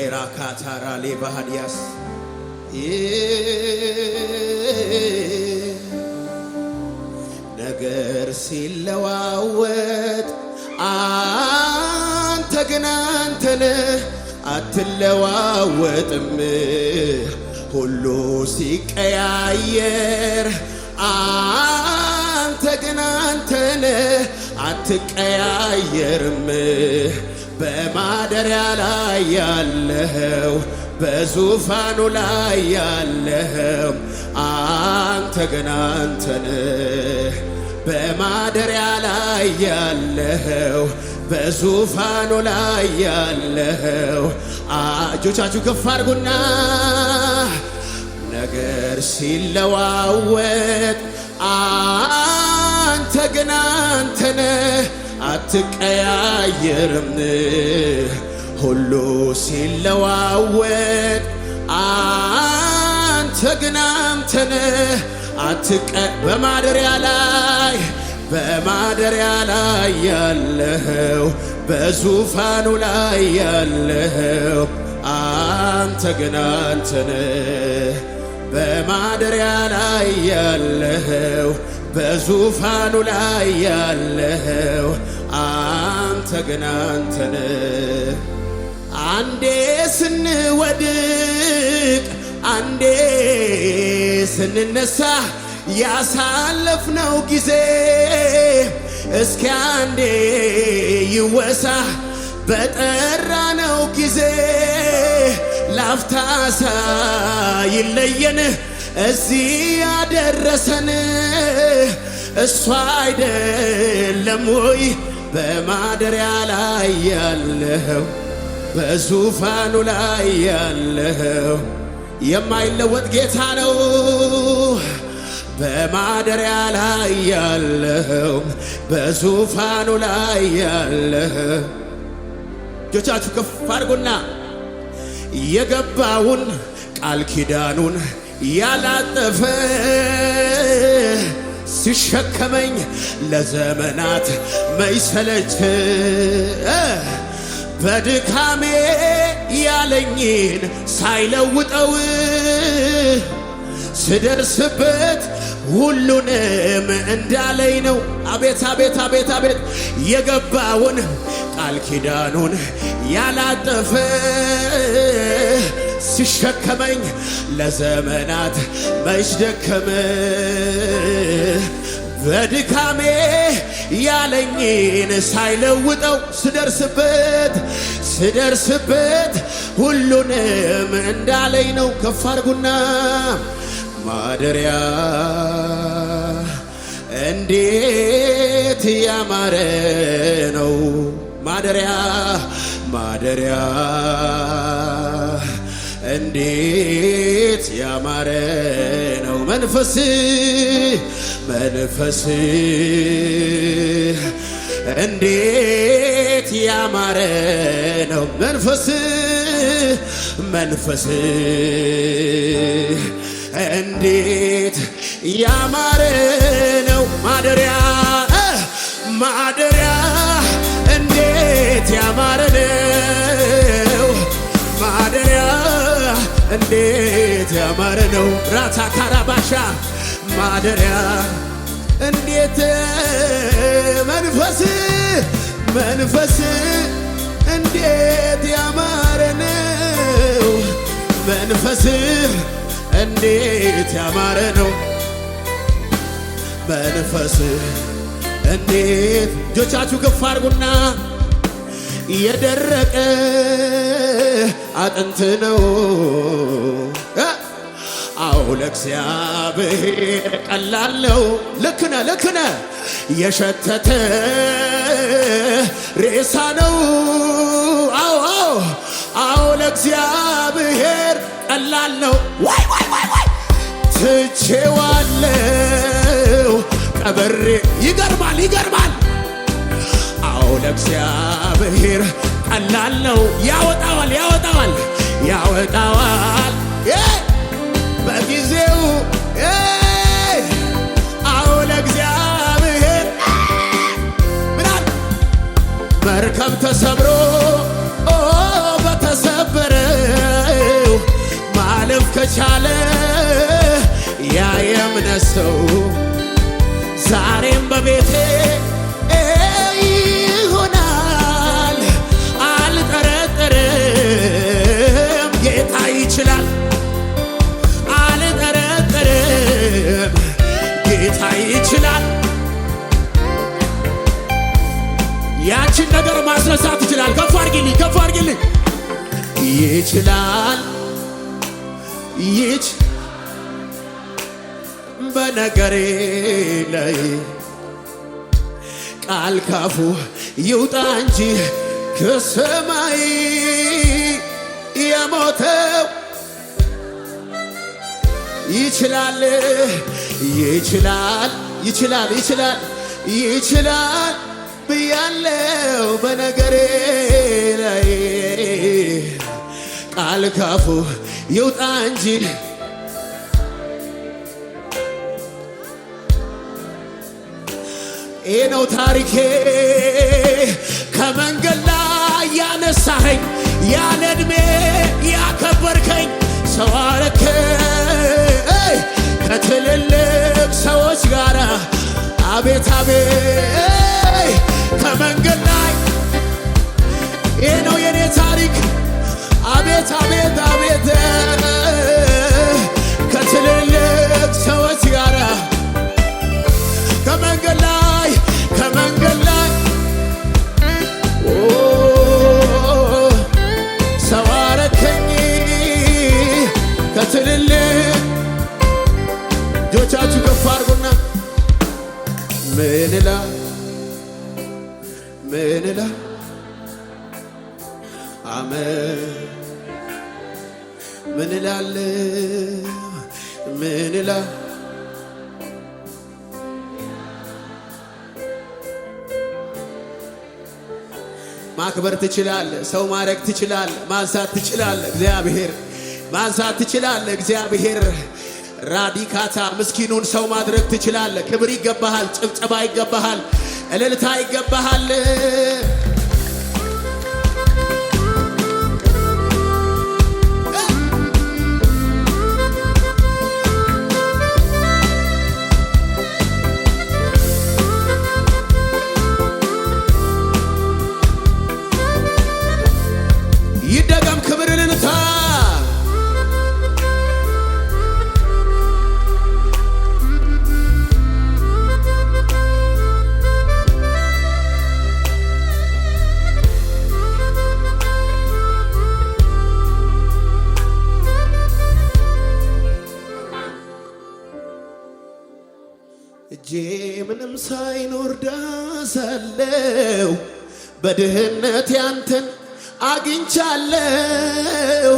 ሌራካታራ ሌባሃዲያስ ነገር ሲለዋወጥ አንተ ግን አንተነ አትለዋወጥም። ሁሉ ሲቀያየር አንተ ግን አንተነ አትቀያየርም። በማደሪያ ላይ ያለኸው በዙፋኑ ላይ ያለኸው አንተ ገና አንተ ነህ። በማደሪያ ላይ ያለኸው በዙፋኑ ላይ ያለኸው እጆቻችሁ ከፍ አድርጉና ነገር ሲለዋወጥ አትቀያየርም ሁሉ ሲለዋወጥ አንተ ግን አትቀ በማደሪያ ላይ በማደሪያ ላይ ያለኸው በዙፋኑ ላይ ያለኸው አንተ ግን በማደሪያ ላይ ያለኸው በዙፋኑ ላይ ያለኸው አንተ ግን አንተን አንዴ ስንወድቅ አንዴ ስንነሳ ያሳለፍነው ጊዜ እስኪ አንዴ ይወሳ በጠራነው ጊዜ ላፍታሳ ይለየን እዚህ ያደረሰን እሷ አይደለም ወይ? በማደሪያ ላይ ያለኸው በዙፋኑ ላይ ያለኸው የማይለወጥ ጌታ ነው። በማደሪያ ላይ ያለኸው በዙፋኑ ላይ ያለኸው እጆቻችሁ ከፍ አድርጉና የገባውን ቃል ኪዳኑን ያላጠፈ ሲሸከመኝ ለዘመናት መይሰለች በድካሜ ያለኝን ሳይለውጠው ስደርስበት ሁሉንም እንዳለኝ ነው። አቤት አቤት አቤት አቤት የገባውን ቃል ኪዳኑን ያላጠፈ ሲሸከመኝ ለዘመናት መች ደከመ በድካሜ ያለኝን ሳይለውጠው ስደርስበት ስደርስበት ሁሉንም እንዳለኝ ነው። ከፍ አድርጉና ማደሪያ እንዴት ያማረ ነው ማደሪያ ማደሪያ እንዴት ያማረ ነው መንፈስ መንፈስ እንዴት ያማረ ነው መንፈስ መንፈስ እንዴት ያማረ ነው ማደሪያ ማደሪያ እንዴት ያማረ ነው እንዴት ያማረ ነው ራታ ካራባሻ ማደሪያ እንዴት መንፈስ መንፈስ እንዴት ያማረ ነው መንፈስ እንዴት ያማረ ነው መንፈስ እንዴት እጆቻችሁ ከፍ አድርጉና የደረቀ አጥንት ነው። አዎ ለእግዚአብሔር ቀላል ነው። ልክነ ልክነ የሸተተ ሬሳ ነው። አዎ አዎ ለእግዚአብሔር ቀላል ነው። ወይ ትቼዋለው ቀበሬ ይገርማል ይገርማል። አዎ ለእግዚአብሔር እግዚአብሔር ቀላል ነው። ያወጣዋል ያወጣዋል ያወጣዋል በጊዜው አዎ ለእግዚአብሔር ምናል መርከብ ተሰብሮ በተሰበረው ማለፍ ከቻለ ያ ሰው ዛሬም በቤቴ ነገር ማስረሳት ይችላል። ከፍ አድርጊልኝ፣ ከፍ አድርጊልኝ። ይችላል ይች በነገሬ ላይ ቃል ካፉ ይውጣ እንጂ ከሰማይ የሞተው ይችላል ይችላል ይችላል ይችላል ይችላል ብያለው በነገሬ ላይ ቃል ካፉ ይውጣ እንጂ ይህ ነው ታሪኬ። ከመንገድ ላይ ያነሳኸኝ ያለ ዕድሜ ያከበርከኝ ሰው አረከኝ ከትልልቅ ሰዎች ጋር አቤት አቤት ከመንገድ ላይ ይህ ነው የኔ ታሪክ። አቤት አቤት አቤት ከትልልቅ ሰዎች ጋራ ማክበር ትችላል ሰው ማድረግ ትችላል ማንሳት ትችላል እግዚአብሔር ማንሳት ትችላል እግዚአብሔር ራዲካታ ምስኪኑን ሰው ማድረግ ትችላል ክብር ይገባሃል። ጭብጨባ ይገባሃል። እልልታ ይገባሃል። አግኝቻለሁ።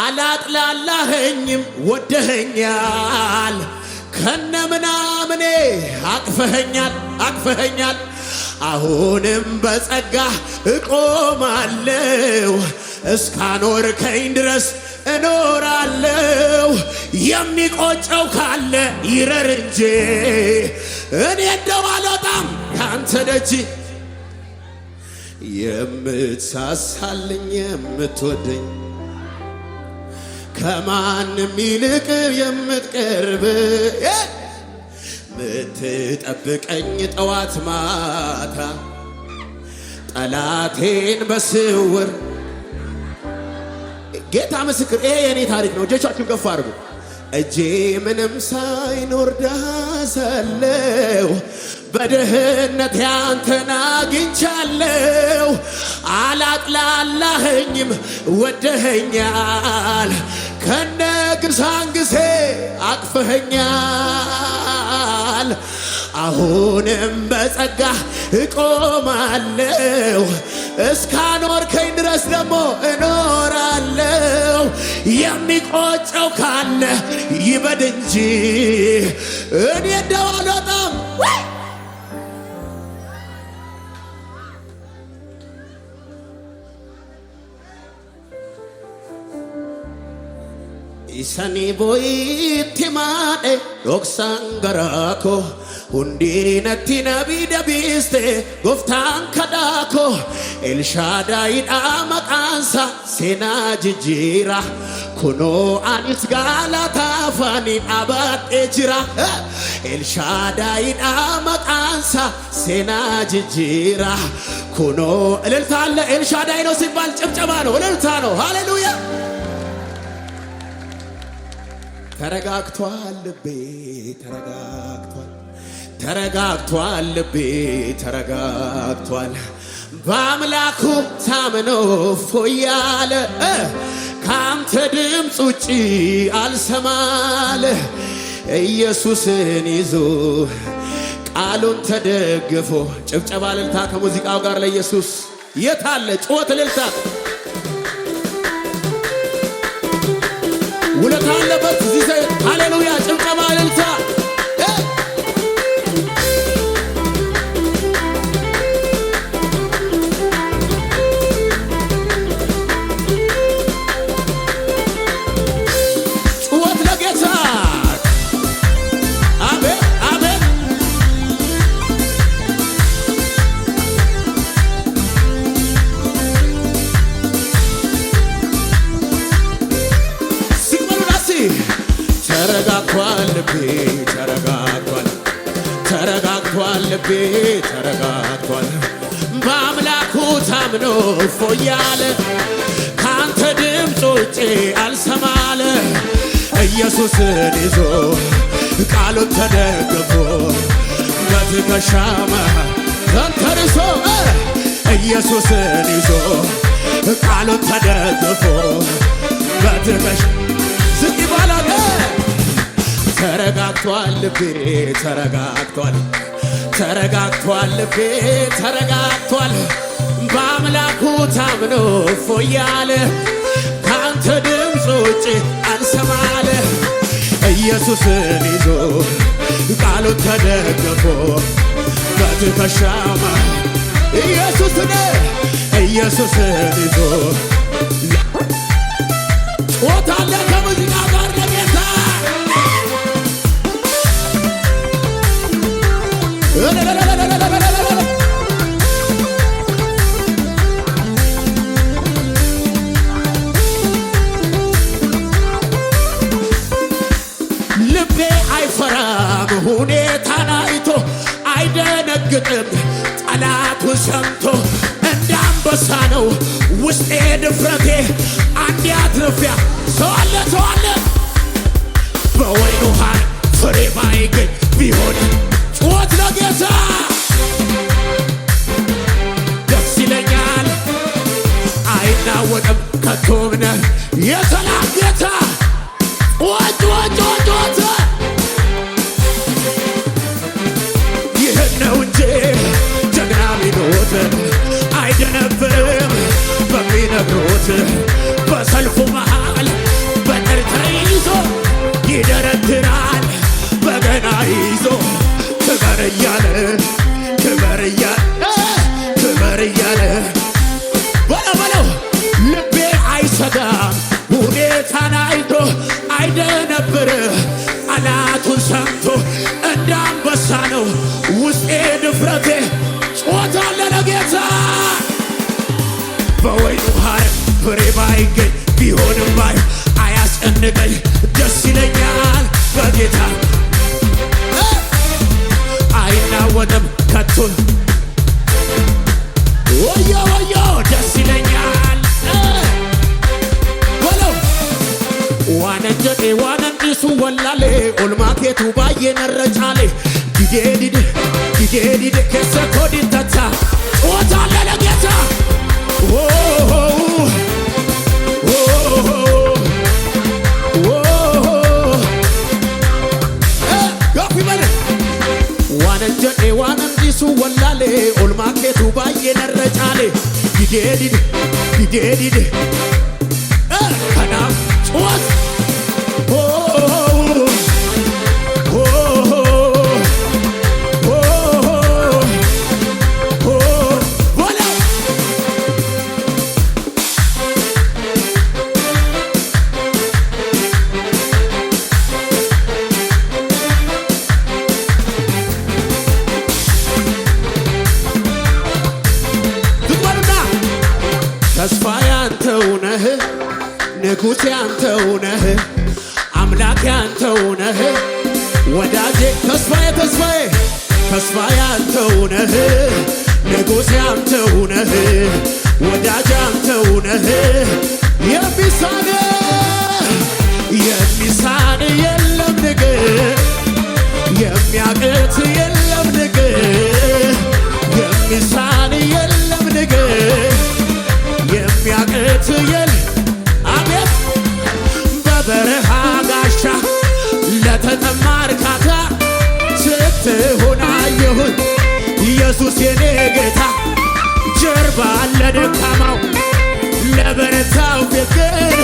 አላጥላላኸኝም፣ ወደኸኛል። ከነ ምናምኔ አቅፈኸኛል፣ አቅፈኸኛል። አሁንም በጸጋ እቆማለሁ። እስካኖርከኝ ድረስ እኖራለሁ። የሚቆጨው ካለ ይረር እንጂ እኔ እንደው አልወጣም ካንተ ደጅ የምትሳሳልኝ የምትወደኝ ከማንም ይልቅ የምትቀርብ ምትጠብቀኝ ጠዋት ማታ ጠላቴን በስውር ጌታ ምስክር። ይሄ የእኔ ታሪክ ነው። እጆቻችሁን ከፍ አድርጉ። እጄ ምንም ሳይኖር ዳሰለው! ሳለሁ በድህነት ያንተን አግኝቻለሁ። አላጥላላኸኝም ወደኸኛል ከነ ግርሳን ግርሳንግሴ አቅፈኸኛል አሁንም በጸጋ እቆማለሁ እስካኖርከኝ ድረስ ደግሞ እኖራለው የሚቆጨው ካለ ይበድ እንጂ እኔ እንደው አልወጣም Isani Isanii boo'itti maadhe dhoksaan garaa koo hundinatti nabii dabiiste gooftaan kadhaa koo Elshaadaayidha maqaansa sena jijjiira kuno anis abat gaalaataafaniin abadhee jira Elshaadaayidha maqaansa sena jijjiira kuno el tal el shada ino sibal no el no hallelujah ተረጋግቷል ልቤ ተረጋግቷል ተረጋግቷል ልቤ ተረጋግቷል በአምላኩ ታምኖ ፎያለ ከአንተ ድምፅ ውጪ አልሰማለ ኢየሱስን ይዞ ቃሉን ተደግፎ ጭብጨባ ልልታ ከሙዚቃው ጋር ለኢየሱስ የታለ ጩኸት ልልታ ውለታ አለበት እዚህ ዘይት ሃሌሉያ ጭብጨባ እልልታ ሻማ ካንተ ኢየሱስን ይዞ ቃሉን ተደግፎ በትመሽ ዝቅ ይባላል። ተረጋግቷል ልቤ ተረጋግቷል ተረጋግቷል ልቤ ተረጋግቷል በአምላኩ ታምኖ ፎያለ ካንተ ድምፅ ውጭ አንሰማለ ኢየሱስን ይዞ ቃሉን ተደግፎ በእሳት ተሻማ ኢየሱስን ኢየሱስን ይዞ ጾታለ ከሙዚ አልደነግጥም። ጠላቱን ሰምቶ እንደ አንበሳ ነው ውስጤ ድፍረቴ። አንድ አትርፊያ ሰዋለ ሰዋለ በወይኑ ውሃን ፍሬ ማይገኝ ቢሆን ጩኸት ለጌታ ደስ ይለኛል። አይናወጥም ከቶ ምነህ የተላጌታ በሰልፉ መሃል በትር ተይዞ ይደረድራል በገና ይዞ ክበር እያለ ክበር እያለ ክበር እያለ በለው በለው ልቤ አይሰጋም ሁኔታን አይቶ አይደነብር አላቱን ሰምቶ እንዳንበሳ ነው ውስጤ ድፍረቴ ሲያስጨንቀኝ ደስ ይለኛል በጌታ አይናወጥም ከቶን ወዮ ወዮ ደስ ይለኛል በለው ዋነንጀኔ ዋነንዲሱ ወላሌ ኦልማኬቱ ባየነረጫሌ ዲዴ ዲዴ ዲዴ ዲዴ ኬሰ ኮዲንተታ DJ Didi, DJ Didi ያንተው ነህ አምላክ ያንተው ነህ ወዳጄ ተስፋዬ ተስፋዬ ተስፋ ያንተው ነህ ንጉሥ ያንተው ነህ ወዳጅ ያንተው ነህ የሚሳን የሚሳን የለም ንግ የሚያቅት የለም ንግ የሚሳን የለም ንግ የሚያቅት የለም ኢየሱስ የኔ ጌታ ጀርባ ለደካማው ለበረታው ፍቅር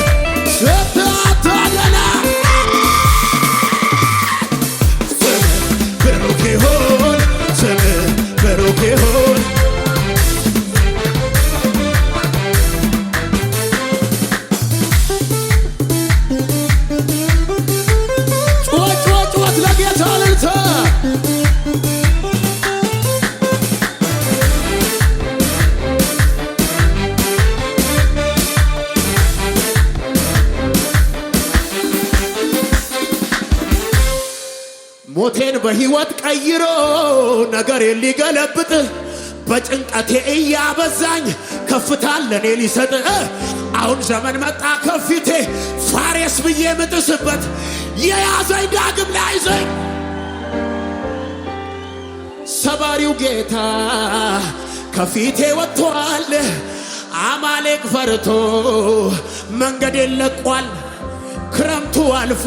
ለኔ ሊገለብጥ በጭንቀቴ እያበዛኝ ከፍታ ለኔ ሊሰጥ አሁን ዘመን መጣ ከፊቴ ፋሬስ ብዬ ምጥስበት የያዘኝ ዳግም ላይዘኝ ሰባሪው ጌታ ከፊቴ ወጥቷል። አማሌቅ ፈርቶ መንገድ ለቋል። ክረምቱ አልፎ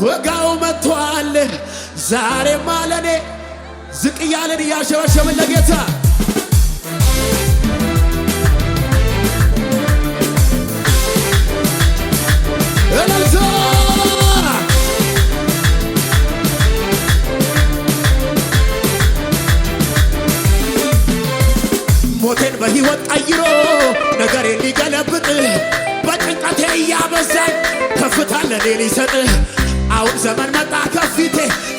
በጋው መጥቷል። ዛሬ ማለኔ ዝቅ እያለን እያሸበሸብን ለጌታ ሞቴን በሕይወት ቀይሮ ነገር ሊገለብጥ በጭንቀቴ እያበዛኝ ከፍታ ለኔ ሊሰጥ አሁን ዘመን መጣ ከፊቴ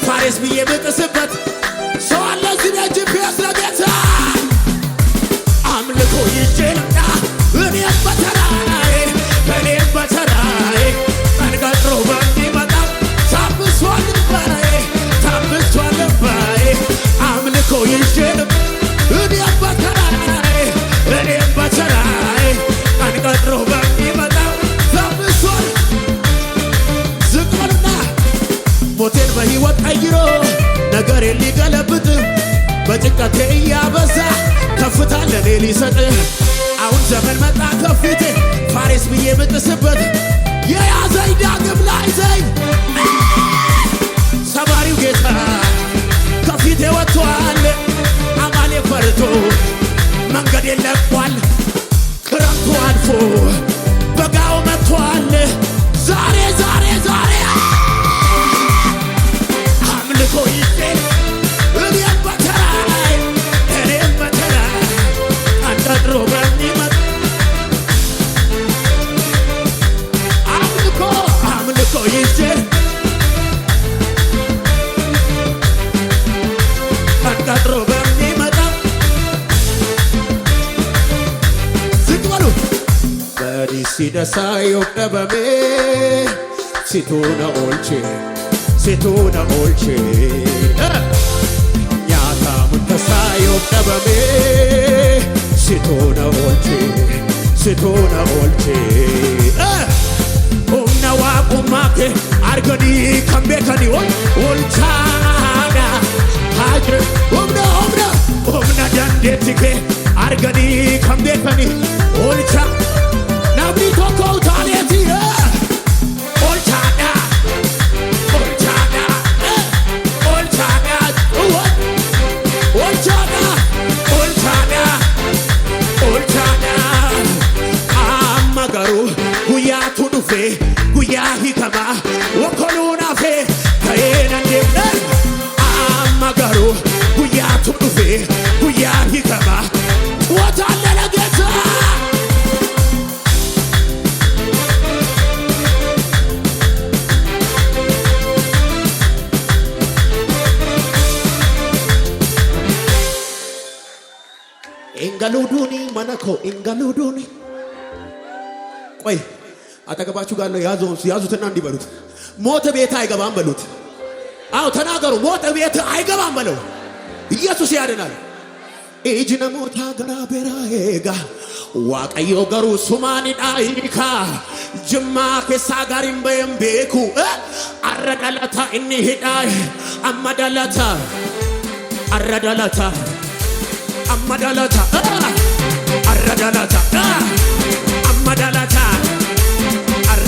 ፋሬስ ብዬ ብጥስበት ሰው አለ እዚህ ቤት በረከቴ እያበዛ ከፍታ ለኔ ሊሰጥህ አሁን ዘመን መጣ ከፊት ፋሬስ ብዬ ምጥስበት የያዘኝ ዳግም ላይዘኝ ሰማሪው ጌታ ከፊቴ ወጥቷል። አማሌ ፈርቶ መንገድ የለቋል። ክረምቱ አልፎ በጋው መጥቷል። Saio da bame Si tu na olce Si tu na olce Ya ta mutta saio da bame Si tu na olce Si tu na olce Omna wa kumake argani kambe kani ol olchana Hajre omna omna omna dandetike argani kambe kani olchana I be we cocoa አጠገባችሁ ጋር ነው። ያዙትና እንዲበሉት ሞት ቤት አይገባም በሉት። አዎ ተናገሩ። ሞት ቤት አይገባም በለው። ኢየሱስ ያድናል። ኢጅነ ሞታ ገራ በራሄጋ ዋቀዮ ገሩ ሱማኒ ዳይካ ጅማ ኬሳ ጋሪን በየም ቤኩ አረዳለታ እኒ ሂዳይ አመዳለታ አረዳለታ አመዳለታ አረዳለታ አመዳለታ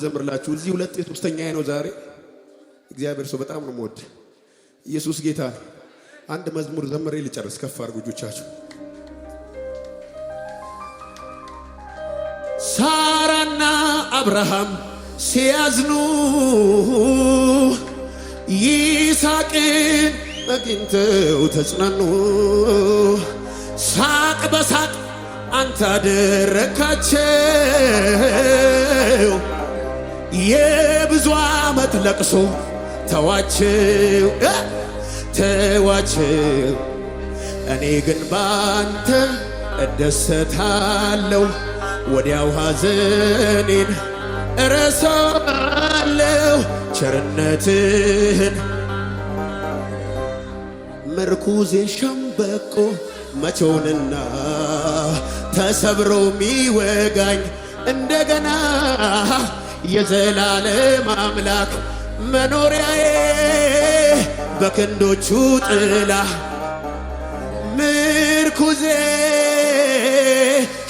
ልዘምርላችሁ። እዚህ ሁለት የሶስተኛ ነው ዛሬ። እግዚአብሔር ሰው በጣም ነው የምወድ ኢየሱስ ጌታ። አንድ መዝሙር ዘምሬ ልጨርስ። ከፍ አድርጉ እጆቻችሁ። ሳራና አብርሃም ሲያዝኑ ይስሐቅን አግኝተው ተጽናኑ። ሳቅ በሳቅ አንተ አደረካቸው። የብዙ ዓመት ለቅሶ ተዋችው ተዋችው እኔ ግን ባንተ እደሰታለሁ ወዲያው ሐዘኔን እረሳለሁ ቸርነትህን ምርኩዜን ሸምበቆ መቼውንና ተሰብሮ ሚወጋኝ እንደገና የዘላለም አምላክ መኖሪያዬ በክንዶቹ ጥላ ምርኩዜ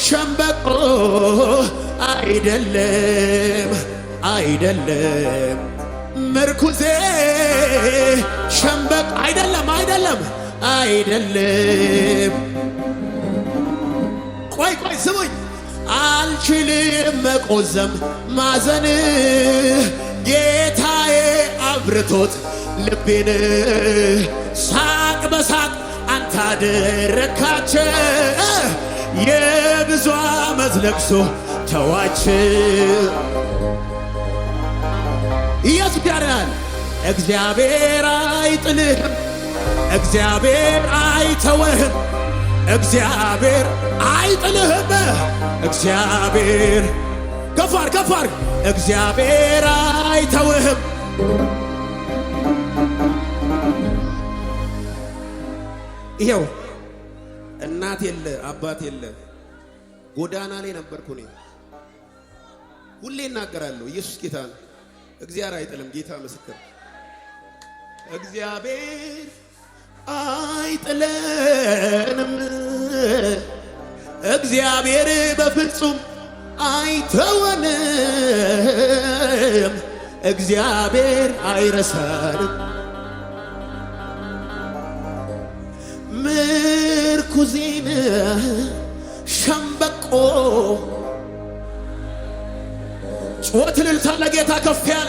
ሸምበቆ አይደለም አይደለም ምርኩዜ ሸምበቆ አይደለም አይደለም አይደለም ቆይ ቆይ ስሙኝ አልችልም መቆዘም ማዘን ጌታዬ አብርቶት ልቤን ሳቅ በሳቅ አንተ የብዙ ዓመት ለቅሶ ተዋች። ኢየሱስ እግዚአብሔር አይጥልህም፣ እግዚአብሔር አይተወህም እግዚአብሔር አይጥልህም። እግዚአብሔር ከፋር ከፋር እግዚአብሔር አይተውህም። ይኸው እናት የለ አባት የለ ጎዳና ላይ ነበርኩ እኔ። ሁሌ እናገራለሁ ኢየሱስ ጌታ ነው። እግዚአብሔር አይጥልም። ጌታ ምስክር እግዚአብሔር አይጥለንም። እግዚአብሔር በፍጹም አይተወንም። እግዚአብሔር አይረሳንም። ምርኩዜን ሸምበቆ ጩኸት እልልታ ለጌታ ከፍ ያለ